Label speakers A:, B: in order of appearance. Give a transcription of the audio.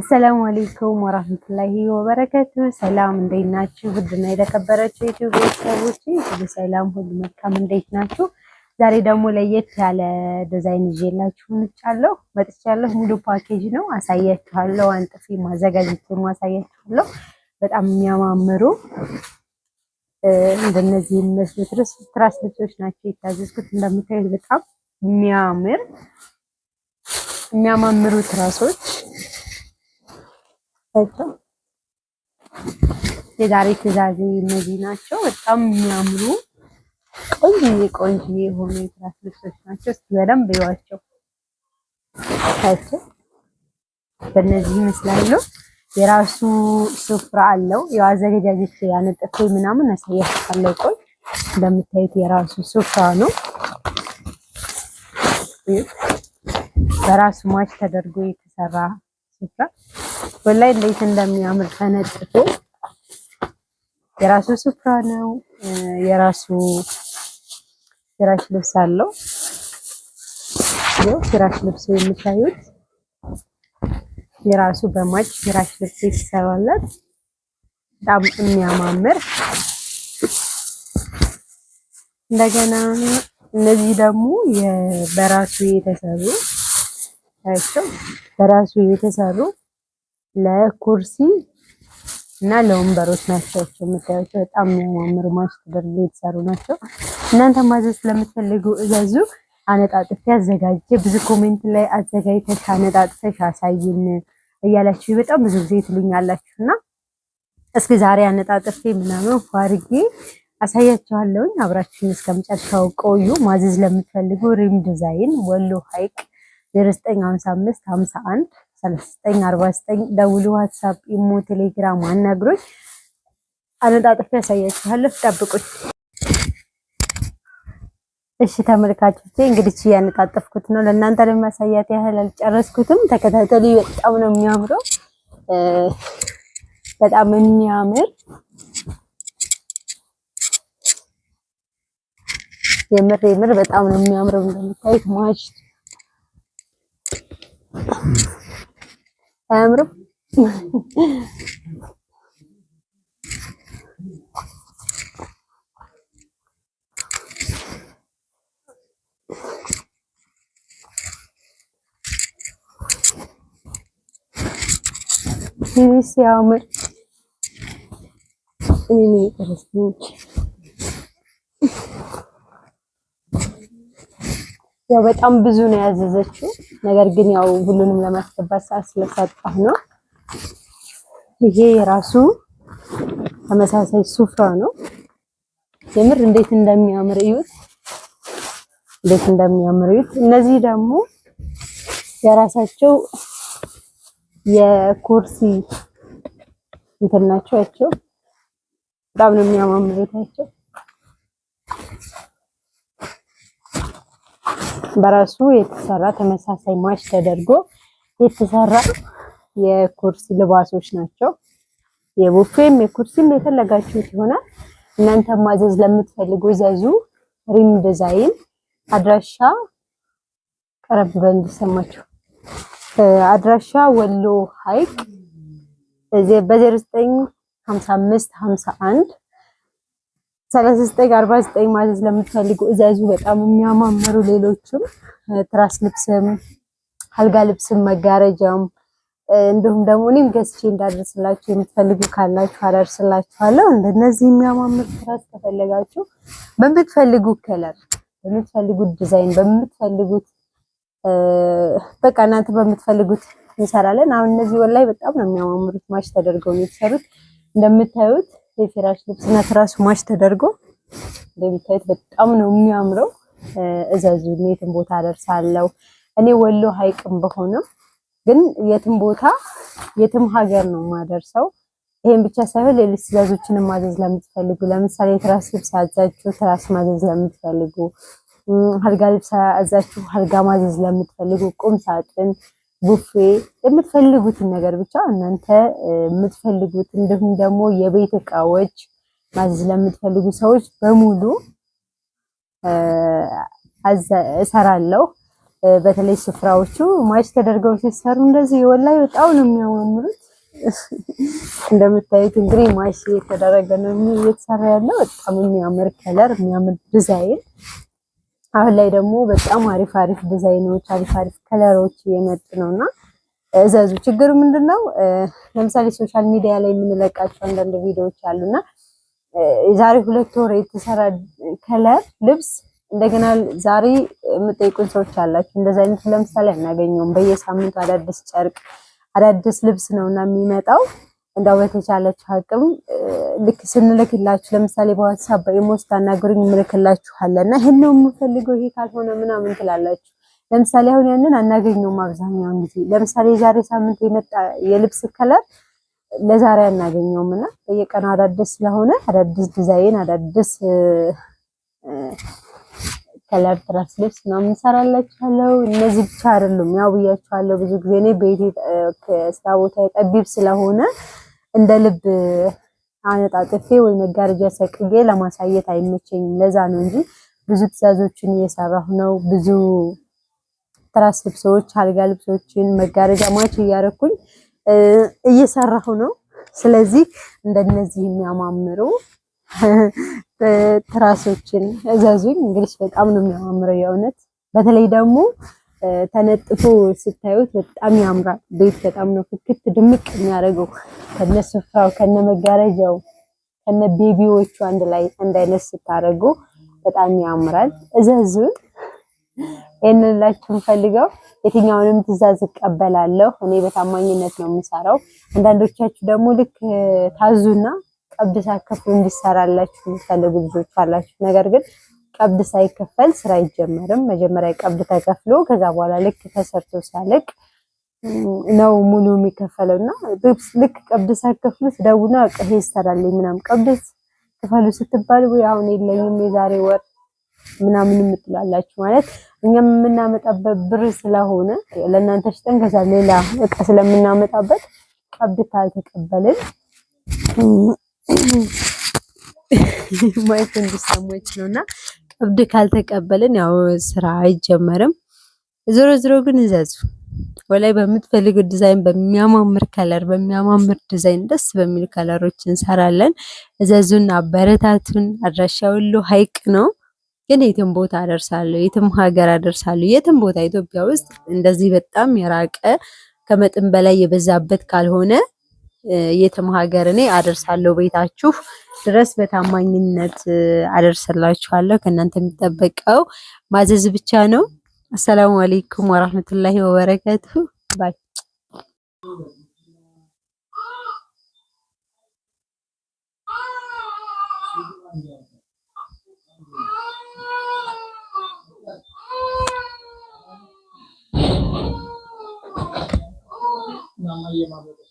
A: አሰላሙ አሌይኩም ወራህመቱላሂ ወበረከቱ። ሰላም እንዴት ናችሁ? ውድና የተከበራችሁ ዩቲዩብ ቤተሰቦች ሁሉ ሰላም፣ ሁሉ መልካም፣ እንዴት ናችሁ? ዛሬ ደግሞ ለየት ያለ ዲዛይን ይዤላችሁ መጥቻለሁ መጥቻለሁ። ሙሉ ፓኬጅ ነው አሳያችኋለሁ። አንጥፌ ማዘጋጀት አሳያችኋለሁ። በጣም የሚያማምሩ እንደነዚህ የሚመስሉ ትራስ ልብሶች ናቸው የታዘዝኩት። እንደምታዩት በጣም የሚያምር የሚያማምሩ ትራሶች ናቸው። የዛሬ ትዕዛዜ እነዚህ ናቸው። በጣም የሚያምሩ ቆንጅዬ ቆንጅዬ የሆኑ የትራስ ልብሶች ናቸው። እስቲ በደንብ ይዋቸው ታቸው። በእነዚህ ይመስላሉ። የራሱ ስፍራ አለው። ያው አዘገጃጀት ያነጠፈ ምናምን አሳያችኋለሁ። ቆይ እንደምታዩት የራሱ ስፍራ ነው። በራሱ ማች ተደርጎ የተሰራ ስፍራ ወላይ እንዴት እንደሚያምር ተነጥፎ የራሱ ስፍራ ነው። የራሱ ፍራሽ ልብስ አለው። ይኸው ፍራሽ ልብስ የሚታዩት የራሱ በማች ፍራሽ ልብስ ይሰራላት። በጣም የሚያማምር እንደገና እነዚህ ደግሞ በራሱ የተሰሩ ናቸው። በራሱ የተሰሩ ለኩርሲ እና ለወንበሮች ናቸው የምታዩት። በጣም የሚያማምሩ ማሽ ማስበር የተሰሩ ናቸው። እናንተ ማዘዝ ስለምትፈልጉ እዘዙ። አነጣጥፌ አዘጋጅቼ ብዙ ኮሜንት ላይ አዘጋጅተሽ አነጣጥፈሽ አሳይን እያላችሁ በጣም ብዙ ጊዜ ትሉኛላችሁ እና እስኪ ዛሬ አነጣጥፌ ምናምን ፏርጌ አሳያችኋለሁኝ። አብራችሁን እስከመጨረሻው ቆዩ። ማዘዝ ለምትፈልጉ ሪም ዲዛይን ወሎ ሀይቅ ሐይቅ 095551 3949 ደውሉ። ዋትሳፕ፣ ኢሞ፣ ቴሌግራም አናግሮኝ አነጣጥፌ ያሳያችኋለሁ። ጠብቁት እሺ ተመልካቾቼ። እንግዲህ ነው ለእናንተ ለማሳያት ያህል አልጨረስኩትም። ተከታተሉ። በጣም ነው የሚያምረው፣ በጣም የሚያምር የምር የምር በጣም ነው የሚያምረው እንደምታዩት aembro. Ci siamo. Nini, per ያው በጣም ብዙ ነው ያዘዘችው። ነገር ግን ያው ሁሉንም ለማስገባት ሰዓት ስለሳጣሁ ነው። ይሄ የራሱ ተመሳሳይ ሱፍራ ነው። የምር እንዴት እንደሚያምር እዩት፣ እንዴት እንደሚያምር እዩት። እነዚህ ደግሞ የራሳቸው የኩርሲ እንትን ናቸው። በጣም ነው የሚያማምሩት ናቸው። በራሱ የተሰራ ተመሳሳይ ማች ተደርጎ የተሰራ የኩርሲ ልባሶች ናቸው። የቡፌም የኩርሲም የፈለጋችሁት ይሆናል። እናንተ ማዘዝ ለምትፈልጉ ዘዙ። ሪም ዲዛይን አድራሻ ቀረብ በል እንዲሰማችሁ አድራሻ ወሎ ሐይቅ በ095551 39 49 ለምትፈልጉ እዘዙ። በጣም የሚያማምሩ ሌሎችም ትራስ ልብስም አልጋ ልብስም መጋረጃም እንዲሁም ደግሞ እኔም ገዝቼ እንዳደርስላችሁ የምትፈልጉ ካላችሁ አደርስላችኋለሁ። እንደነዚህ የሚያማምር ትራስ ከፈለጋችሁ በምትፈልጉ ከለር፣ በምትፈልጉት ዲዛይን፣ በምትፈልጉት በቃ እናንተ በምትፈልጉት እንሰራለን። አሁን እነዚህ ወላይ በጣም ነው የሚያማምሩት። ማሽ ተደርገው ነው የተሰሩት እንደምታዩት የፊራሽ ልብስና ትራሱ ማች ተደርጎ እንደሚታየት በጣም ነው የሚያምረው። እዘዙ፣ የትም ቦታ ደርሳለሁ። እኔ ወሎ ሀይቅም በሆነም ግን የትም ቦታ የትም ሀገር ነው የማደርሰው። ይሄን ብቻ ሳይሆን ሌሎች ትዕዛዞችንም ማዘዝ ለምትፈልጉ ለምሳሌ የትራስ ልብስ አዛችሁ ትራስ ማዘዝ ለምትፈልጉ፣ አልጋ ልብስ አዛችሁ አልጋ ማዘዝ ለምትፈልጉ፣ ቁም ሳጥን ቡፌ የምትፈልጉትን ነገር ብቻ እናንተ የምትፈልጉት እንዲሁም ደግሞ የቤት እቃዎች ማዘዝ ለምትፈልጉ ሰዎች በሙሉ እሰራለሁ። በተለይ ስፍራዎቹ ማች ተደርገው ሲሰሩ እንደዚህ ወላሂ በጣም ነው የሚያማምሩት። እንደምታዩት እንግዲህ ማሽ እየተደረገ ነው እየተሰራ ያለው በጣም የሚያምር ከለር የሚያምር ዲዛይን አሁን ላይ ደግሞ በጣም አሪፍ አሪፍ ዲዛይኖች አሪፍ አሪፍ ከለሮች እየመጡ ነውና እዘዙ። ችግሩ ምንድነው? ለምሳሌ ሶሻል ሚዲያ ላይ የምንለቃቸው አንዳንድ ቪዲዮዎች አሉና ዛሬ ሁለት ወር የተሰራ ከለር ልብስ እንደገና ዛሬ የምጠይቁን ሰዎች አላችሁ። እንደዛ አይነት ለምሳሌ አናገኘውም። በየሳምንቱ አዳዲስ ጨርቅ አዳዲስ ልብስ ነውና የሚመጣው እንዳው በተቻለችው አቅም ልክ ስንልክላችሁ ለምሳሌ በዋትሳፕ በኢሞ ስታናግሩኝ ምልክላችኋለና ይሄን ነው የምፈልገው ይሄ ካልሆነ ምናምን ትላላችሁ። ለምሳሌ አሁን ያንን አናገኘውም አብዛኛውን ጊዜ። ለምሳሌ የዛሬ ሳምንት የመጣ የልብስ ከለር ለዛሬ አናገኘውም እና በየቀኑ አዳዲስ ስለሆነ አዳዲስ ዲዛይን አዳዲስ ከለር ትራስ ልብስ ነው የምንሰራላችኋለሁ። እነዚህ ብቻ አይደሉም፣ ያው ብያችኋለሁ ብዙ ጊዜ እኔ ቤቴ ስራ ቦታ ጠቢብ ስለሆነ እንደ ልብ አነጣጥፌ ወይ መጋረጃ ሰቅዬ ለማሳየት አይመቸኝም። ለዛ ነው እንጂ ብዙ ትዕዛዞችን እየሰራሁ ነው። ብዙ ትራስ ልብሶች፣ አልጋ ልብሶችን መጋረጃ ማች እያደረኩኝ እየሰራሁ ነው። ስለዚህ እንደነዚህ የሚያማምሩ ትራሶችን እዘዙኝ። እንግዲህ በጣም ነው የሚያማምረው የእውነት በተለይ ደግሞ ተነጥፎ ስታዩት በጣም ያምራል። ቤት በጣም ነው ፍክት ድምቅ የሚያደርገው ከነ ስፍራው ከነ መጋረጃው ከነ ቤቢዎቹ አንድ ላይ አንድ አይነት ስታደርጉ በጣም ያምራል። እዘዙ የንላችሁን ፈልገው የትኛውንም ትዛዝ እቀበላለሁ። እኔ በታማኝነት ነው የምሰራው። አንዳንዶቻችሁ ደግሞ ልክ ታዙና ቀብድ ሳከፉ እንዲሰራላችሁ የምትፈልጉ ልጆች አላችሁ። ነገር ግን ቀብድ ሳይከፈል ስራ አይጀመርም። መጀመሪያ ቀብድ ተከፍሎ ከዛ በኋላ ልክ ተሰርቶ ሲያልቅ ነው ሙሉ የሚከፈለው እና ልክ ቀብድ ሳይከፍሉት ደውና ቀሄ ይሰራልኝ ምናምን ቀብድ ክፈሉ ስትባል ወይ አሁን የለኝም የዛሬ ወር ምናምን የምትላላችሁ ማለት እኛም የምናመጣበት ብር ስለሆነ ለእናንተ ሽጠን ከዛ ሌላ እቃ ስለምናመጣበት ቀብድ ካልተቀበልን ማየት እንዲሰማች ነው እና ቀብድ ካልተቀበልን ያው ስራ አይጀመርም። ዞሮ ዞሮ ግን እዘዙ ወላይ በምትፈልጉት ዲዛይን በሚያማምር ከለር በሚያማምር ዲዛይን ደስ በሚል ከለሮች እንሰራለን። እዘዙን፣ አበረታቱን። አድራሻ ሀይቅ ሐይቅ ነው ግን የትም ቦታ አደርሳለሁ፣ የትም ሀገር አደርሳለሁ። የትም ቦታ ኢትዮጵያ ውስጥ እንደዚህ በጣም የራቀ ከመጠን በላይ የበዛበት ካልሆነ የትም ሀገር እኔ አደርሳለሁ ቤታችሁ ድረስ በታማኝነት አደርስላችኋለሁ። ከእናንተ የሚጠበቀው ማዘዝ ብቻ ነው። አሰላሙ አሌይኩም ወራህመቱላሂ ወበረከቱ ባይ ማማ